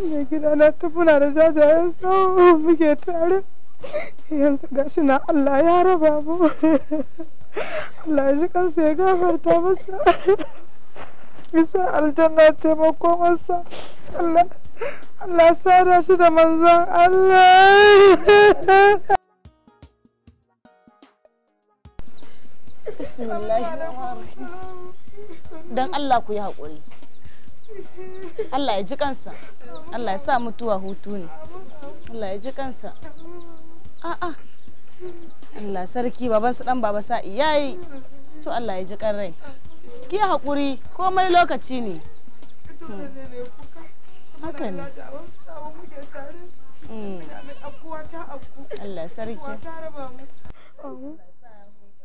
mai gida na tufuna da jajayen sau muke tare yanzu gashi na Allah ya raba mu Allah ya shi kansa ya gafarta masa bisa aljanna taimako masa Allah sada shi da manzon Allah Bismillahirrahmanirrahim Dan Allah ku yi haƙuri Allah ya ji kansa Allah ya sa mutuwa hutu ne Allah ya ji kansa a'a Allah sarki baban su dan baba sa iyayi to Allah ya ji kan rai ki hakuri komai lokaci ne hmm. haka ne hmm. Allah sarki Amin. Amin.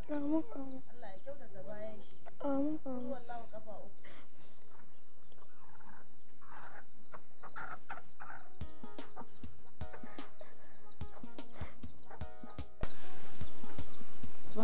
Allah ya kyautata bayan shi. Amin. Amin.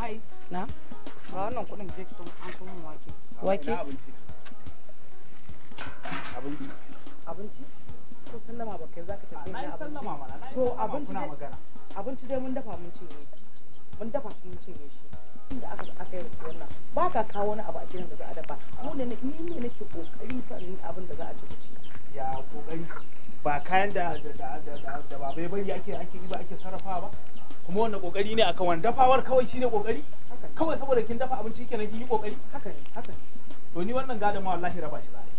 ai na ba wannan zai fito an kuma wake wake abinci abinci ko sallama ba kai zaka tafi abinci to abinci abinci dai mun dafa mun cinye mun dafa mun shi inda aka aka yi wannan ba ka kawo wani abu a gidan da za a dafa mu ne ni ne nake kokari sanin abin da za a ci ya kokari ba kayan da da da da ba bai bari ake ake ba ake sarrafa ba kuma wannan kokari ne akan wani dafawar kawai shine kokari kawai saboda kin dafa abinci kenan kin yi kokari haka ne haka ne to ni wannan gadon ma wallahi raba shi zai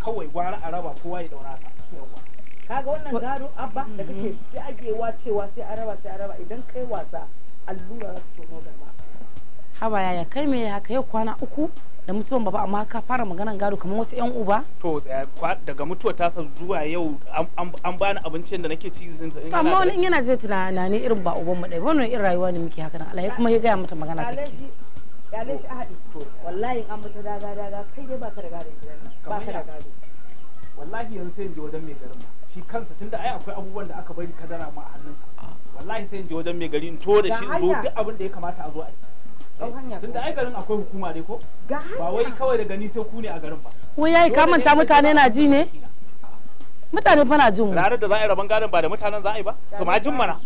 kawai gwara a raba kowa ya daura ta yawa kaga wannan gado abba da kake dagewa mm-hmm. cewa sai a raba sai a raba idan kai wasa allura za ta tono ma. haba yaya kai me haka yau kwana uku da mutuwan baba amma ka fara maganan gado kamar wasu yan uba to daga mutuwa ta zuwa yau an bani abincin da nake ci amma wani in yana zai ne irin ba uban mu dai wannan irin rayuwa ne muke haka nan Allah kuma ya gaya mata magana ya yalin shi ahadi wallahi an mutu daga daga kai dai ba baka da gado baka da gado wallahi yanzu sai in je wajen mai garin shi kansa tunda ai akwai abubuwan da aka bari kadara ma a hannunsa wallahi sai in je wajen mai garin to da shi zo duk abin da ya kamata a zo a yi Eh, tunda ai garin akwai hukuma dai ko ba wai kawai da gani sai ku ne a garin ba wai yayi ka mutane na ji ne mutane fa na jin mu ranar da za a yi rabon garin ba da mutanen za a yi ba su ma jin mana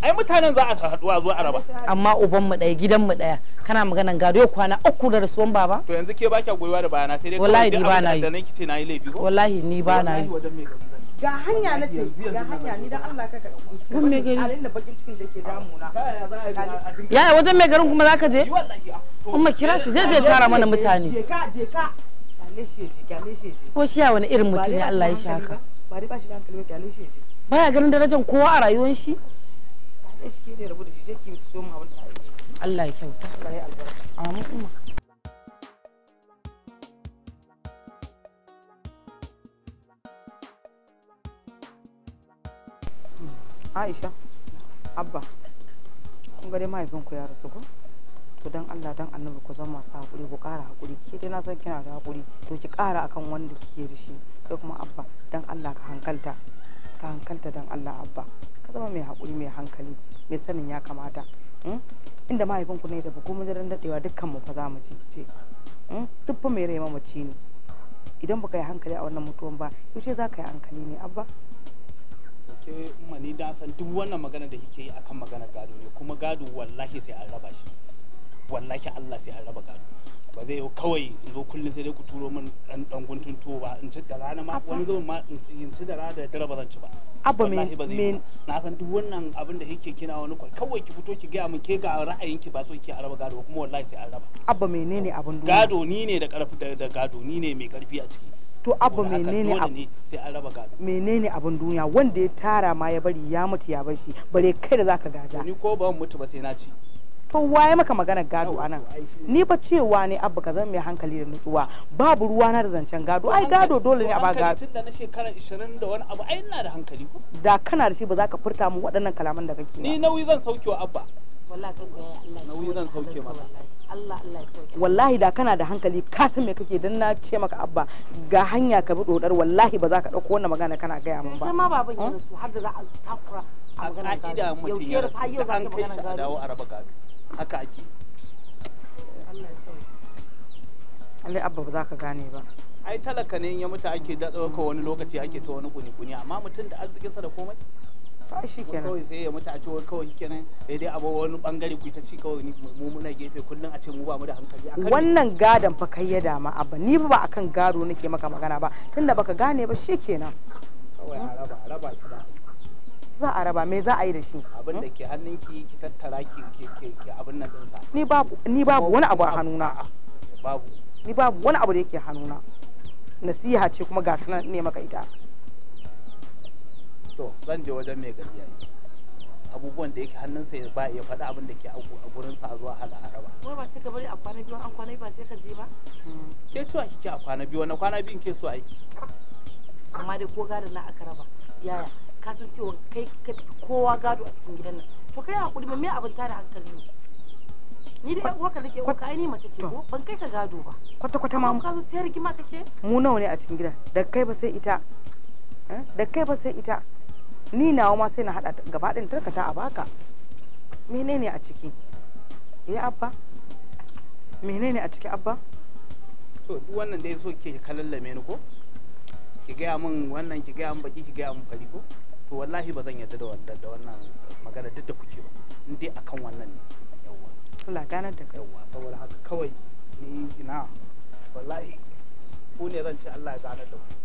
ai mutanen za a haɗuwa zuwa a raba amma uban mu ɗaya gidan mu ɗaya kana maganan gado ya kwana uku da rasuwan baba to yanzu ke ba kya goyuwa da bayana sai dai wallahi ni ba na yi da nake ce na yi laifi ko wallahi ni ba na yi ga hanya na ce ga hanya ni dan Allah ka kan me gari alin da bakin cikin da ke damuna ya wajen me garin kuma zaka je kuma ah, kira shi zai zai tara mana mutane je ka je ka shi ya wani irin mutum ne Allah shi haka ba ba shi da ganin darajar kowa a rayuwar shi aisha abba kun ga mahaifinku ya rasu ko to dan Allah dan annabi ku zama masu hakuri ku kara hakuri ke dai na san kina da hakuri to ki kara akan wanda kike da kai kuma abba dan Allah ka hankalta ka hankalta dan Allah abba ka zama mai hakuri mai hankali mai sanin ya kamata hmm? inda mahaifinku ne tafi kuma daren dadewa dukkan mu fa za mu ce tuffa hmm? mai rai mamaci ne idan baka yi hankali a wannan mutuwan ba yaushe za ka yi hankali ne abba ke mani da san duk wannan magana da kike yi akan magana gado ne kuma gado wallahi sai an raba shi wallahi Allah sai an raba gado ba zai yau kawai in zo kullum sai dai ku turo min dan dan guntun tuwo ba in ci da rana ma wani zo ma in ci da rana da dare ba zan ci ba abba me na san duk wannan abin da kike kina wani kwai kawai ki fito ki ga min ke ga ra'ayin ki ba so kike araba gado kuma wallahi sai an raba abba menene abin duniya gado ni ne da karfi da gado ni ne mai karfi a ciki to abu menene abu menene abin duniya wanda ya tara ma ya bari ya mutu ya bar shi bare kai da zaka gada ni ko ban mutu ba sai na ci to waye maka magana gado anan ni ba cewa ne abu ka zan mai hankali da nutsuwa babu ruwa na da zancen gado ai gado dole ne a ba gado tunda na shekara 20 da wani abu ai ina da hankali da kana da shi ba za ka furta mu waɗannan kalaman da kake ni nauyi zan sauke wa abba wallahi da kana da hankali ka san me kake dan na ce maka abba ga hanya ka bi dodar wallahi ba za ka dauko wannan magana kana gaya mun ba sai ma baban ya hmm? rasu har da za a takura a magana ka rasu har yau za ka magana dawo ka haka ake Allah abba ba za ka gane ba ai talaka ne ya mutu ake da tsawaka wani lokaci ake ta wani kuni kuni amma mutum da arzikinsa da komai shi kenan sai ya mutu a bangare ku gefe kullun a ce mu ba da hankali wannan gadon fa kai ya dama abba ni ba akan gado nake maka magana ba tunda baka gane ba shi kenan a raba a za a raba me za a yi da shi abin ke hannunki ki tattara ki ke ke abin nan dinsa ni babu ni babu wani abu a hannuna babu ni babu wani abu da yake hannuna nasiha ce kuma ga ta ne maka ita to zan je wajen mai gari yayi abubuwan da yake hannun ya ba ya faɗi abin da ke a gurin sa zuwa hada hada ba kuma ba sai ka bari a kwana biyu an kwana ba sai ka je ba hmm. ke cewa kike a kwana biyu na kwana biyu ke so ai amma dai ko gado na aka raba yaya ka san cewa kai kowa gado a cikin gidan nan to kai hakuri mai abin tare hankali ne ni da yan uwarka nake uwarka ai ni mace ce ko ban kai ka gado ba kwata kwata ma ka zo sai rigima kake mu nawa ne a cikin gidan da kai ba sai ita eh? da kai ba sai ita ni nawa ma sai na haɗa gaba ɗin tarkata a baka menene a ciki eh abba menene a ciki abba to duk wannan da so ke kalallame ni ko ki gaya min wannan ki gaya min baki ki gaya min fari ko to wallahi ba zan yarda da wannan da wannan magana duk da kuke ba in dai akan wannan ne yawa Allah ganar da kai yawa saboda haka kawai ni ina wallahi ko ne zan ce Allah ya ganar da ku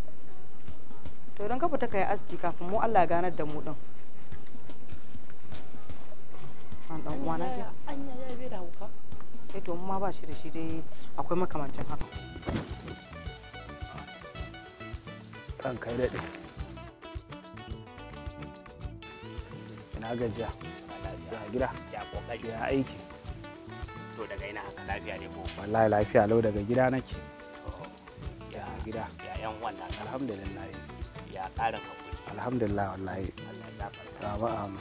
to don ka fita kai aski kafin mu Allah ganar da mu din an dan uwa na ke anya ya bai da hauka eh to mu ma ba shi da shi dai akwai makamancin haka kan kai daɗe ina gajiya ya gida ya kokari ya aiki to daga ina haka lafiya ne ko wallahi lafiya lau daga gida nake ya gida ya yan wannan alhamdulillah ya ƙara hakuri alhamdulillah wallahi rabu amu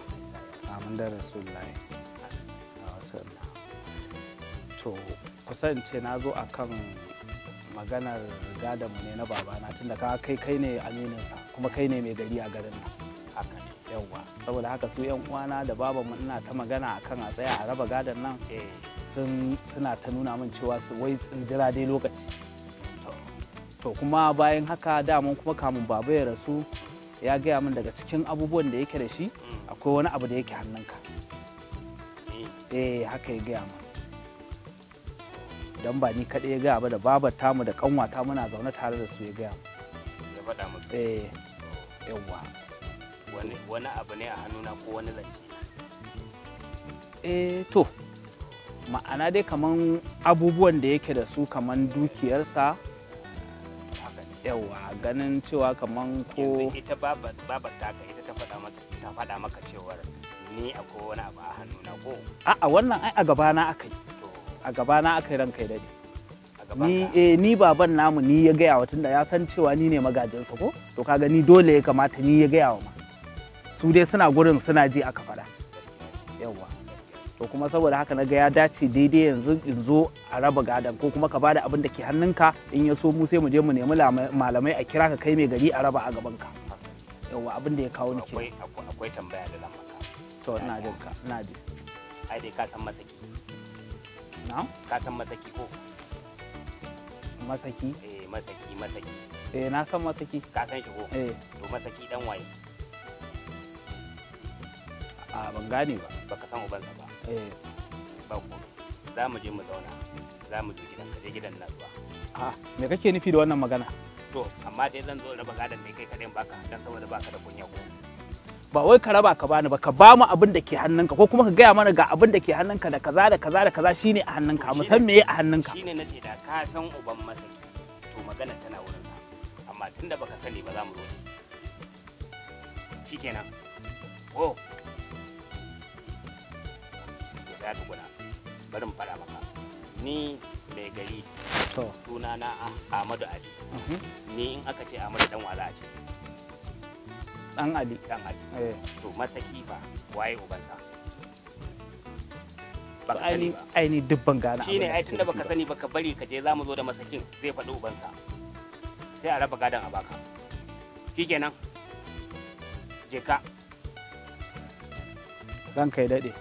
amin da rasulullahi to kusance na zo a kan maganar riga da ne na babana tunda ka kai kai ne amininsa kuma kai ne mai gari a garin nan haka saboda haka su yan uwana da babanmu ina ta magana akan a tsaya a raba gadon nan eh. suna ta nuna min cewa su wai tsindira dai lokaci to kuma bayan haka daman kuma kamun baba ya rasu ya gaya min daga cikin abubuwan da yake da shi akwai wani abu da yake hannunka eh haka ya gaya min dan ba ni kaɗai ya gaya ba da babar tamu da kanwata muna zaune tare da su ya gaya min ya faɗa maka eh yawa wani abu ne a hannuna ko wani zance eh to ma'ana dai kaman abubuwan da yake da su kaman dukiyarsa yawa ganin cewa kaman ko ita babar taka ita ta faɗa maka ta faɗa maka cewar ni akwai wani abu a ko a'a wannan ai a gabana akai a gabana akai kai dade ni eh ni baban namu ni ya gaya wa tunda ya san cewa ni ne magajinsa ko to kaga ni dole ya kamata ni ya gaya wa ma su dai suna gurin suna ji aka faɗa to kuma saboda haka na ga ya dace daidai yanzu in zo a raba gadon ko kuma ka bada abin da ke hannunka in ya so mu sai mu je mu nemi malamai a kira ka kai mai gari a raba a gaban ka yawa abin da ya kawo ni ke akwai tambaya da lamba maka to ina jin ka ina ji ai dai ka san masaki na ka san masaki ko masaki eh masaki masaki eh na san masaki ka san shi ko eh to masaki dan waye a ban gane ba baka san ubansa ba eh ba ku za mu je mu zauna za mu je gidan ka je gidan nan ba a me kake nufi da wannan magana to amma dai zan zo raba gadan ne kai kaɗai baka dan saboda baka da kunya ko ba wai ka raba ka bani ba ka ba mu abin da ke hannunka ko kuma ka gaya mana ga abin da ke hannunka da kaza da kaza da kaza shine a hannunka mu san meye a hannunka shine nace da ka san uban masaki to magana tana wurin ka amma tunda baka sani ba za mu zo shikenan oh tsaya tukuna bari mu fara maka ni mai gari suna na Ahmadu Ali mhm. ni in aka ce Ahmadu dan wala a ce dan Ali dan Ali eh. to masaki fa waye ubansa aini aini dubban gana shine ai tunda baka sani baka bari ka je zamu zo da masakin zai faɗi ubansa sai a raba gadon a baka shikenan je ka ranka kai daɗe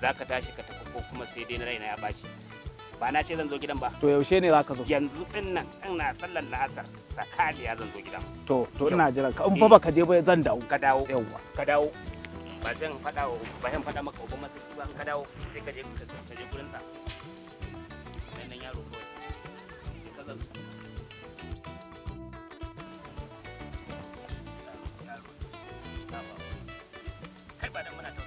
za ka tashi ka tafi ko kuma sai dai na raina ya bashi ba na ce zan zo gidan ba to yaushe ne zaka zo yanzu din nan na sallar la'asar sakaliya zan zo gidan to to ina jiran ka in fa eh. baka je ba zan dawo ka dawo yauwa ka dawo ba zan faɗa wa ba zan faɗa maka uban masu ba ka dawo sai ka je ka je gurin sa nan nan yaro kawai kai ba dan muna ta